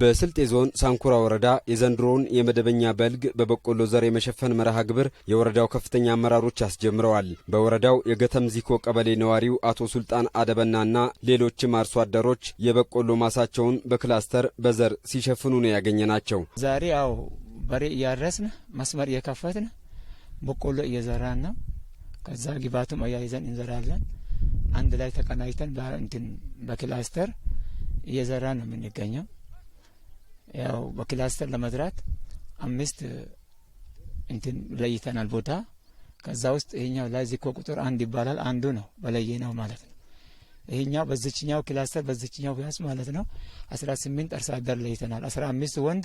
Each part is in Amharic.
በስልጤ ዞን ሳንኩራ ወረዳ የዘንድሮውን የመደበኛ በልግ በበቆሎ ዘር የመሸፈን መርሃ ግብር የወረዳው ከፍተኛ አመራሮች አስጀምረዋል። በወረዳው የገተም ዚኮ ቀበሌ ነዋሪው አቶ ሱልጣን አደበናና ሌሎችም አርሶ አደሮች የበቆሎ ማሳቸውን በክላስተር በዘር ሲሸፍኑ ነው ያገኘ ናቸው። ዛሬ ያው በሬ እያረስን መስመር እየከፈትን በቆሎ እየዘራን ነው። ከዛ ግባቱም አያይዘን እንዘራለን። አንድ ላይ ተቀናጅተን በክላስተር እየዘራ ነው የምንገኘው። ያው በክላስተር ለመስራት አምስት እንትን ለይተናል ቦታ። ከዛ ውስጥ ይሄኛው ላይ ቁጥር አንድ ይባላል አንዱ ነው በለየ ነው ማለት ነው። ይሄኛው በዚችኛው ክላስተር በዚችኛው ቢያንስ ማለት ነው አስራ ስምንት አርሶ አደር ለይተናል። አስራ አምስት ወንድ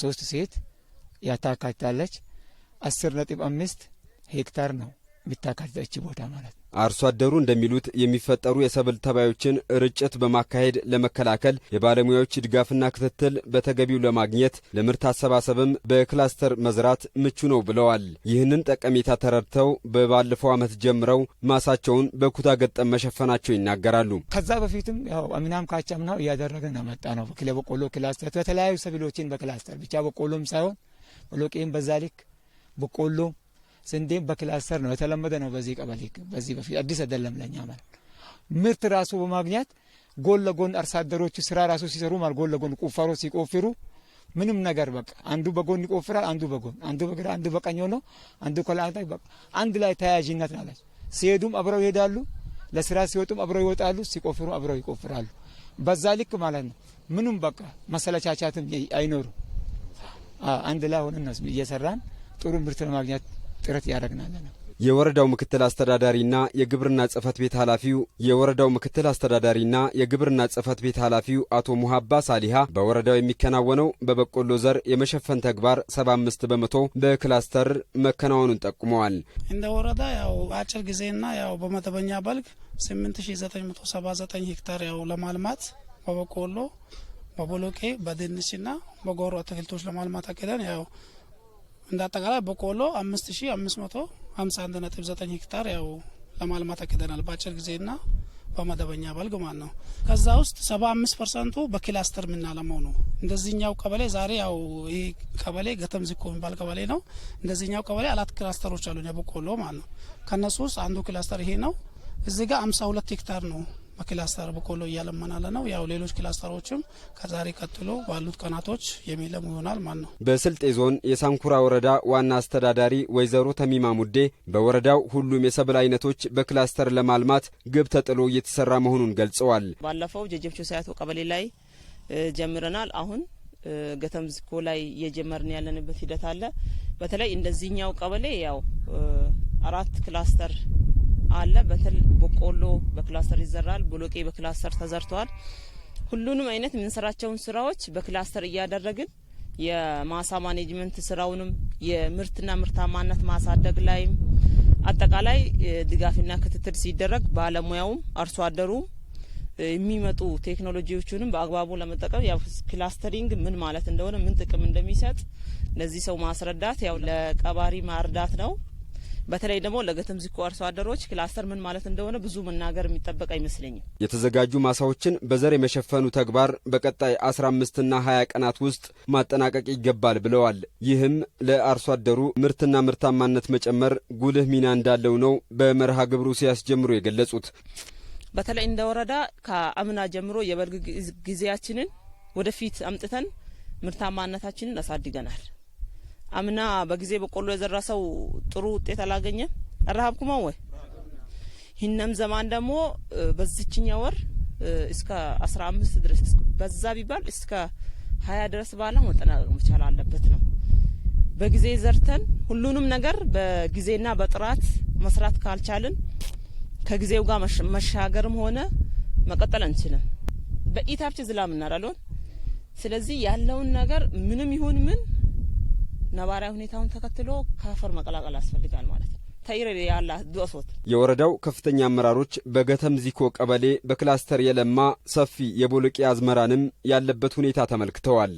ሶስት ሴት ያታካታለች። አስር ነጥብ አምስት ሄክታር ነው የምታካትታች ቦታ ማለት ነው። አርሶ አደሩ እንደሚሉት የሚፈጠሩ የሰብል ተባዮችን ርጭት በማካሄድ ለመከላከል የባለሙያዎች ድጋፍና ክትትል በተገቢው ለማግኘት ለምርት አሰባሰብም በክላስተር መዝራት ምቹ ነው ብለዋል። ይህንን ጠቀሜታ ተረድተው በባለፈው ዓመት ጀምረው ማሳቸውን በኩታ ገጠም መሸፈናቸው ይናገራሉ። ከዛ በፊትም ያው አምናም ካቻምናው እያደረግን መጣ ነው። ክለ በቆሎ ክላስተር በተለያዩ ሰብሎችን በክላስተር ብቻ በቆሎም ሳይሆን በሎቄም በዛ ልክ በቆሎም ስንዴም በክላስተር ነው የተለመደ ነው በዚህ ቀበሌ። በዚህ በፊት አዲስ አይደለም ለኛ ማለት ምርት ራሱ በማግኘት ጎን ለጎን አርሶ አደሮቹ ስራ ራሱ ሲሰሩ ማለት ጎን ለጎን ቁፋሮ ሲቆፍሩ ምንም ነገር በቃ አንዱ በጎን ይቆፍራል፣ አንዱ በጎን አንዱ በግራ አንዱ በቀኝ ሆኖ አንዱ ከላንታ በቃ አንድ ላይ ተያያዥነት ናለች። ሲሄዱም አብረው ይሄዳሉ፣ ለስራ ሲወጡም አብረው ይወጣሉ፣ ሲቆፍሩ አብረው ይቆፍራሉ። በዛ ልክ ማለት ነው። ምንም በቃ መሰለቻቻትም አይኖሩ። አንድ ላይ ሆነን እየሰራን ጥሩ ምርት ለማግኘት ጥረት ያደረግናለ ነው። የወረዳው ምክትል አስተዳዳሪና የግብርና ጽህፈት ቤት ኃላፊው የወረዳው ምክትል አስተዳዳሪና የግብርና ጽህፈት ቤት ኃላፊው አቶ ሙሀባ ሳሊሃ በወረዳው የሚከናወነው በበቆሎ ዘር የመሸፈን ተግባር 75 በመቶ በክላስተር መከናወኑን ጠቁመዋል። እንደ ወረዳ ያው አጭር ጊዜና ያው በመደበኛ በልግ 8979 ሄክታር ያው ለማልማት በበቆሎ፣ በቦሎቄ፣ በድንችና በጎሮ አትክልቶች ለማልማት አቅደን ያው እንደ አጠቃላይ በቆሎ አምስት ሺ አምስት መቶ ሀምሳ አንድ ነጥብ ዘጠኝ ሄክታር ያው ለማልማት አቅደናል በአጭር ጊዜና በመደበኛ በልግ ማለት ነው። ከዛ ውስጥ ሰባ አምስት ፐርሰንቱ በክላስተር የምናለመው ነው። እንደዚህኛው ቀበሌ ዛሬ ያው ይህ ቀበሌ ገተም ዚኮ የሚባል ቀበሌ ነው። እንደዚህኛው ቀበሌ አራት ክላስተሮች አሉን የበቆሎ ማለት ነው። ከእነሱ ውስጥ አንዱ ክላስተር ይሄ ነው። እዚህ ጋር አምሳ ሁለት ሄክታር ነው በክላስተር በቆሎ እያለመናለ ነው። ያው ሌሎች ክላስተሮችም ከዛሬ ቀጥሎ ባሉት ቀናቶች የሚለሙ ይሆናል ማለት ነው። በስልጤ ዞን የሳንኩራ ወረዳ ዋና አስተዳዳሪ ወይዘሮ ተሚማ ሙዴ በወረዳው ሁሉም የሰብል አይነቶች በክላስተር ለማልማት ግብ ተጥሎ እየተሰራ መሆኑን ገልጸዋል። ባለፈው ጀጀብቾ ሳያቶ ቀበሌ ላይ ጀምረናል። አሁን ገተም ዝኮ ላይ እየጀመርን ያለንበት ሂደት አለ። በተለይ እንደዚህኛው ቀበሌ ያው አራት ክላስተር አለ። በተል በቆሎ በክላስተር ይዘራል። ብሎቄ በክላስተር ተዘርተዋል። ሁሉንም አይነት የምንሰራቸውን ስራዎች በክላስተር እያደረግን የማሳ ማኔጅመንት ስራውንም የምርትና ምርታማነት ማሳደግ ላይም አጠቃላይ ድጋፍና ክትትል ሲደረግ ባለሙያውም አርሶ አደሩም የሚመጡ ቴክኖሎጂዎቹንም በአግባቡ ለመጠቀም ያው ክላስተሪንግ ምን ማለት እንደሆነ ምን ጥቅም እንደሚሰጥ ለዚህ ሰው ማስረዳት ያው ለቀባሪ ማርዳት ነው። በተለይ ደግሞ ለገተም ዚኮ አርሶ አደሮች ክላስተር ምን ማለት እንደሆነ ብዙ መናገር የሚጠበቅ አይመስለኝም። የተዘጋጁ ማሳዎችን በዘር የመሸፈኑ ተግባር በቀጣይ 15ና 20 ቀናት ውስጥ ማጠናቀቅ ይገባል ብለዋል። ይህም ለአርሶ አደሩ ምርትና ምርታማነት መጨመር ጉልህ ሚና እንዳለው ነው በመርሃ ግብሩ ሲያስጀምሩ የገለጹት። በተለይ እንደ ወረዳ ከአምና ጀምሮ የበልግ ጊዜያችንን ወደፊት አምጥተን ምርታማነታችንን አሳድገናል። አምና በጊዜ በቆሎ የዘራ ሰው ጥሩ ውጤት አላገኘም። ረሀብኩማ ወይ ይህንም ዘማን ደግሞ በዚችኛ ወር እስከ አስራ አምስት ድረስ በዛ ቢባል እስከ ሀያ ድረስ ባለ መጠናቀቅ መቻል አለበት ነው። በጊዜ ዘርተን ሁሉንም ነገር በጊዜና በጥራት መስራት ካልቻልን ከጊዜው ጋር መሻገርም ሆነ መቀጠል አንችልም። በኢታፍች ዝላ ምናዳለን። ስለዚህ ያለውን ነገር ምንም ይሁን ምን ነባራዊ ሁኔታውን ተከትሎ ከአፈር መቀላቀል ያስፈልጋል ማለት ነው። የወረዳው ከፍተኛ አመራሮች በገተም ዚኮ ቀበሌ በክላስተር የለማ ሰፊ የቦሎቄ አዝመራንም ያለበት ሁኔታ ተመልክተዋል።